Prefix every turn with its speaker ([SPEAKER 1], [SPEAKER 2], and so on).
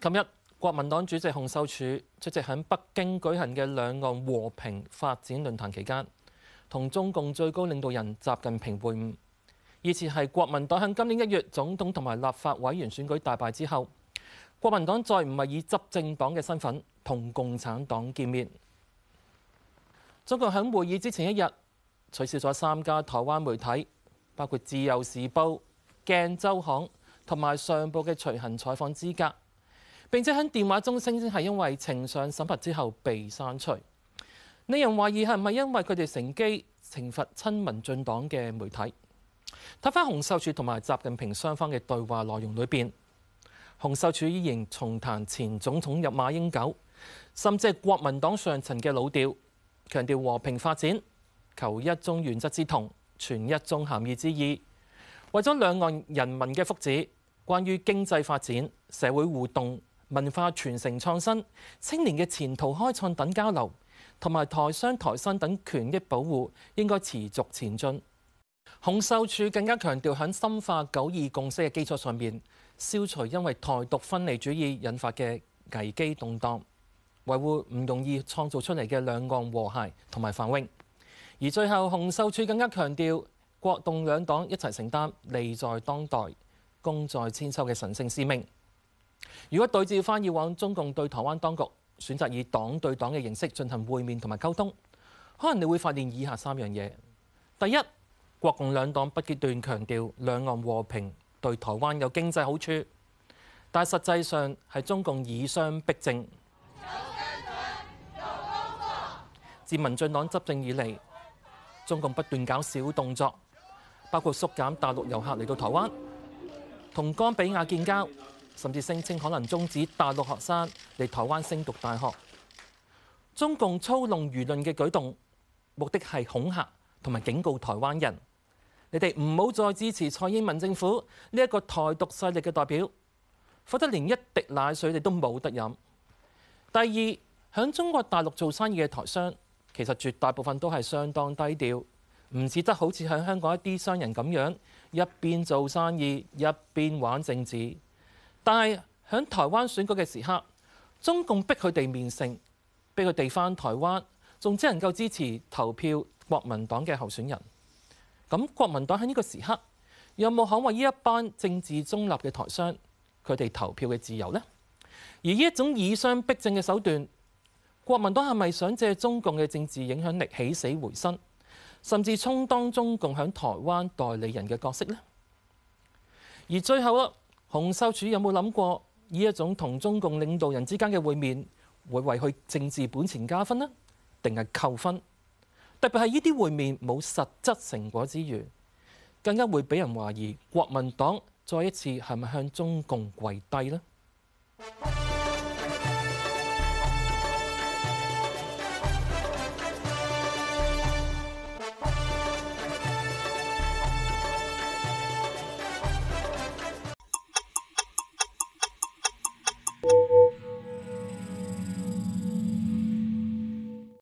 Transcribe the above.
[SPEAKER 1] 琴日，國民黨主席洪秀柱出席喺北京舉行嘅兩岸和平發展論壇期間，同中共最高領導人習近平會晤。以前係國民黨喺今年一月總統同埋立法委員選舉大敗之後，國民黨再唔係以執政黨嘅身份同共產黨見面。中共喺會議之前一日，取消咗三家台灣媒體，包括《自由時報》、《鏡週刊》同埋上報嘅隨行採訪資格。並且喺電話中聲稱係因為呈上審核之後被刪除。令人懷疑係唔係因為佢哋乘機懲罰親民進黨嘅媒體。睇翻洪秀柱同埋習近平雙方嘅對話內容裏邊，洪秀柱依然重談前總統入馬英九，甚至係國民黨上層嘅老調，強調和平發展。求一中原則之同，存一中涵義之異。為咗兩岸人民嘅福祉，關於經濟發展、社會互動、文化傳承創新、青年嘅前途開創等交流，同埋台商台生等權益保護，應該持續前進。洪秀柱更加強調響深化九二共識嘅基礎上面，消除因為台獨分離主義引發嘅危機動盪，維護唔容易創造出嚟嘅兩岸和諧同埋繁榮。而最後，洪秀柱更加強調國共兩黨一齊承擔利在當代、功在千秋嘅神聖使命。如果對照翻以往中共對台灣當局選擇以黨對黨嘅形式進行會面同埋溝通，可能你會發現以下三樣嘢：第一，國共兩黨不斷強調兩岸和平對台灣有經濟好處，但係實際上係中共以商逼政。政政自民進黨執政以嚟。中共不斷搞小動作，包括縮減大陸遊客嚟到台灣，同岡比亞建交，甚至聲稱可能中止大陸學生嚟台灣升讀大學。中共操弄輿論嘅舉動，目的係恐嚇同埋警告台灣人：你哋唔好再支持蔡英文政府呢一個台獨勢力嘅代表，否則連一滴奶水你都冇得飲。第二，響中國大陸做生意嘅台商。其實絕大部分都係相當低調，唔似得好似喺香港一啲商人咁樣一邊做生意一邊玩政治。但係喺台灣選舉嘅時刻，中共逼佢哋面聖，逼佢哋返台灣，仲只能夠支持投票國民黨嘅候選人。咁、嗯、國民黨喺呢個時刻有冇肯為呢一班政治中立嘅台商佢哋投票嘅自由呢？而呢一種以商逼政嘅手段。國民黨係咪想借中共嘅政治影響力起死回生，甚至充當中共喺台灣代理人嘅角色呢？而最後啊，洪秀柱有冇諗過呢一種同中共領導人之間嘅會面，會為佢政治本錢加分呢？定係扣分？特別係呢啲會面冇實質成果之餘，更加會俾人懷疑國民黨再一次係咪向中共跪低呢？